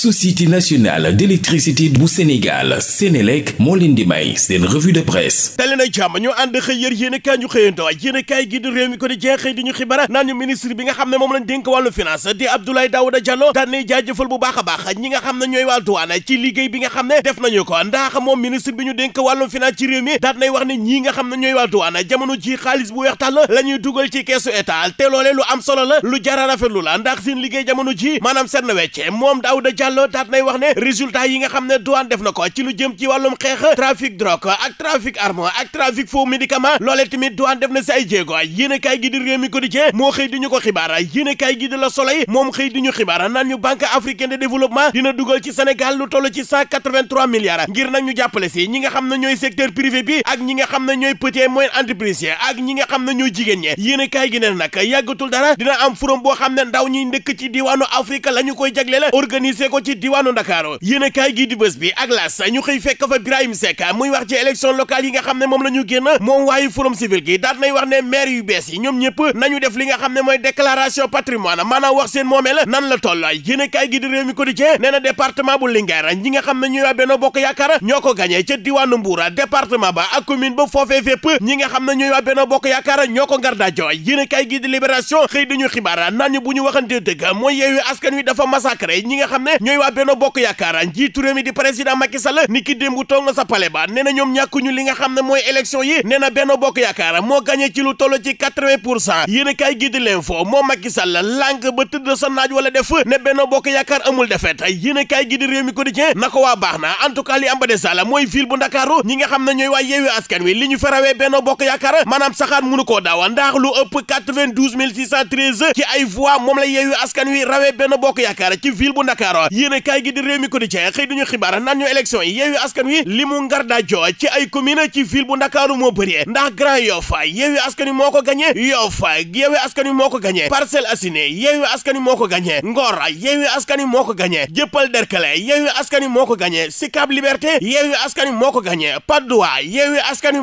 société nationale d'électricité bu Sénégal Sénélec moo leen di may seen revue de presse tali na jàmm ñu ànd xëy yër yéen i kaay ñu xëyantoo yéen i kaay gi réew mi ko di jeexee di ñu xibara naan ñu ministre bi nga xam ne moom lañ dénk wàllu finance di Abdoulaye Daouda Diallo daan nay jaajëfal bu baax a baax ñi nga xam ne ñooy waa douane ci liggéey bi nga xam ne wàllu finance ci réew mi daan nay wax ne ñi nga xam ne ñooy waa douane jamono ji xaalis bu weextal la ñuy dugal ci keesu état te loolee lu am solo la lu jara rafetlu la ndax seen liggéey Diallo daat nay wax ne résultat yi nga xam ne douane def na ko ci lu jëm ci wàllum xeex trafic drogue ak trafic arme ak trafic faux médicament loole tamit douane def na si ay jéego yéen a gi di réew mi quotidien moo xëy di ñu ko xibaar yéen a kaay gi di la Soleil moom xëy di ñu xibaar naan ñu banque africaine de développement dina dugal ci Sénégal lu toll ci cent quatre vingt ngir nag ñu jàppale si ñi nga xam ne ñooy secteur privé bi ak ñi nga xam ne ñooy petit et moyen entreprise ak ñi nga xam ne ñooy jigéen ñi yéen a kaay yàggatul dara dina am forum boo xam ne ndaw ñi ndëkk ci diwaanu Afrique la ñu koy jagleel organiser ko ko ci diwaanu Ndakaaru yéenekaay gi di bés bi ak ñu xëy fekk fa Birahim Seck muy wax ci élection locale yi nga xam ne moom la ñu génn moom waaye forum civil gi daat nay wax ne maire yu bees yi ñoom ñëpp nañu def li nga xam ne mooy déclaration patrimoine maanaam wax seen moomeel nan la toll yéenekaay gi di Rewmi Quotidien nee ko gagné ca diwaanu Mbuur département ba ak ñi nga xam ne ñooy waa Benno Bokk Yaakaar ñoo ko ngar daa jooy yéenekaay gi ñooy waa Benno Bokk Yaakaar njiitu réew mi di président Macky Sall ni ki démb toog na sa pale ba nee na ñoom ñàkkuñu li nga xam ne mooy élection yi nee na Benno Bokk Yaakaar moo gagné ci lu toll ci quatre-vingt pour cent a kaay gi di l'info ba tëdd sa naaj wala def ne Benno Bokk Yaakaar amul defet yéen a kaay gi di réew mi quotidien na ko waa baax na en tout cas li am ba des la mooy ville bu Ndakaaru ñi nga xam ne ñooy waa Yewwi Askan Wi li ñu ferawee Benno Bokk Yaakaar maanaam saxaar mënu koo daawa ndax lu ëpp 92 613 ci ay voix moom Wi rawee Benno Bokk Yaakaar ci ville bu Ndakaaru yéen a kaay gi di réew mi quotidien xëy duñu xibaar naan ñu élection yi yeewi askan wi li mu ngar daa joo ci ay commune ci ville bu ndakaaru moo bëree ndax Grand Yoff yeewi askan wi moo ko gañe Yoff yeewi askan wi moo ko gañe Parcelles Assainies yeewi askan wi moo ko gañe Ngor yeewi askan wi moo ko gañe Jëppal Derkale yeewi askan wi moo askan wi moo ko gañe Patte d'Oie yeewi askan wi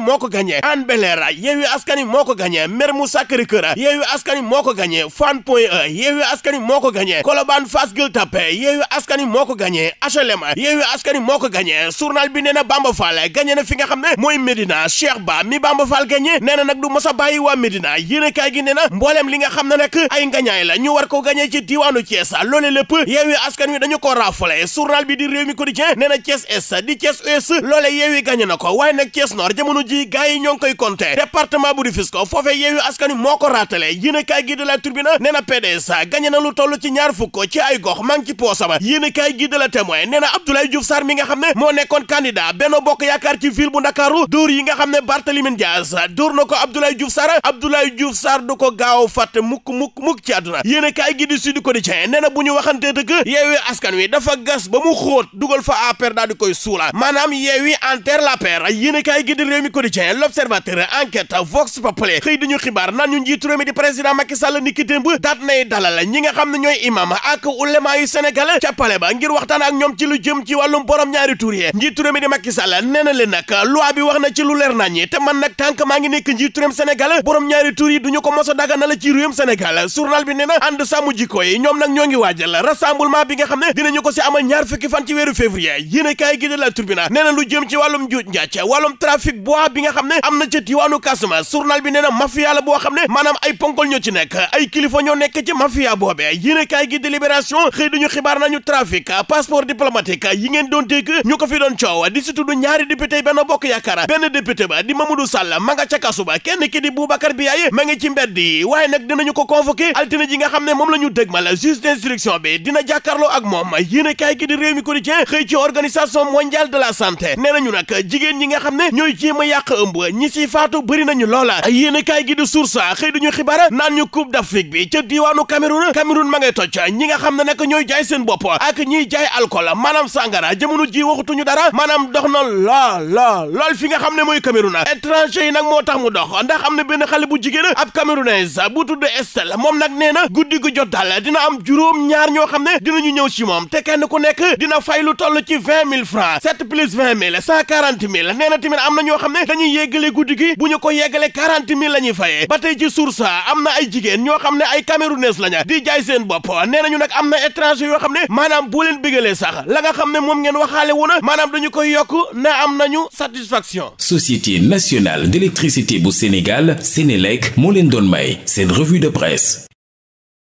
askan wi moo ko gañe Mermoz Sacré-Cœur yeewi askan askan askan wi moo ko gagné HLM Yewwi askan wi moo ko gagné journal bi nee na Bamba Fall gagné na fi nga xam ne mooy Médina Cheikh Ba mi Bamba Fall gagné nee na nag du mos a bàyyi waa Médina yéenekaay gi nee na mbooleem li nga xam ne nag ay ngañaay la ñu war ko gagné ci diwaanu Thiès loolee ko raafale journal bi di Rewmi Quotidien nee na Thiès Est di Thiès Ouest loolee na ko waaye nag Thiès Nord jamono ji gars yi ñoo koy compté département bu Rufisque foofee Yewwi askan wi moo ko raatale yéenekaay gi de la Tribune nee na PDS gagné toll ci ñaar fukk ci ay gox maa ngi ci poosama yéenekaay gi de la Témoin nee na Abdoulaye Diouf Sarr mi nga xam ne moo nekkoon candidat Benno Bokk Yaakaar ci ville bu Ndakaaru dóor yi nga xam ne ñu waxantee dëgg Yewwi Askan Wi dafa gas ba mu xóot dugal fa APR daal koy suula maanaam Yewwi enterre l'APR yéenekaay gi di Rewmi Quotidien L'Observateur Enquête Vox Populi xëy dañu xibaar naan ñu mi di président Macky Sall ni daat nay dalal ñi nga xam ne ñooy imam ak ulema yu Sénégal palais ba ngir waxtaan ak ñoom ci lu jëm ci wàllum borom ñaari tur yi di Macky Sall nee na leen nag bi wax na ci lu leer naññi te man nag tànk maa ngi nekk njiitu réewum Sénégal borom ñaari tur yi duñu ko mos a daganal ci réewum Sénégal journal bi nee na ànd yi ñoom nag ñoo ngi waajal rassemblement bi nga xam ne dinañu ko si amal ñaar fukki fan ci weeru février yéen a kaay gi de turbina nee lu jëm ci wàllum njuuj njaaj wàllum trafic boo a trafic passeport diplomatique yi ngeen doon dégg ñu ko fi doon coow di si tudd ñaari député benn bokk yaakaar benn député ba di Mamadou Sall ma nga ca kasu kenn ki di Boubacar Biaye ma ngi ci mbedd yi waaye nag dinañu ko convoqué altine ji nga xam ne moom la ñu dëgmal juge d'instruction bi dina jàkkaarloo ak moom yéen a kaay gi di réew mi quotidien xëy ci organisation mondiale de la santé nee nañu nag jigéen ñi nga xam ne ñooy jéem a yàq ëmb ñi si faatu bëri nañu loola gi di source xëy duñu xibaar naan ñu ma ngay nga xam ne nag ñooy jaay seen bopp ak ñiy jaay alcool maanaam sangara jamono ji waxutuñu dara maanaam dox na la lool lool fi nga xam ne mooy Cameroun étranger yi nag moo tax mu dox ndax am na benn xale bu jigéen ab camerounaise bu tudd Estelle moom nag nee na guddi gu jot daal dina am juróom ñaar ñoo xam ne dinañu ñëw ci moom te kenn ku nekk dina fay lu toll ci vingt mille francs sept plus vingt mille cent quarante mille nee na tamit am na ñoo xam ne dañuy yeggale guddi gi bu ñu ko yeggale quarante mille la ñuy fayee ba tey ci source am na ay jigéen ñoo xam ne ay camerounaise lañu di jaay seen bopp nee nañu nag am na étranger yoo xam ne maanaam boo leen bégalee sax la nga xam ne moom ngeen waxaale wu na maanaam dañu koy yokk na am nañu satisfaction société nationale d'électricité bu Sénégal Sénélec moo leen doon may seen revue de presse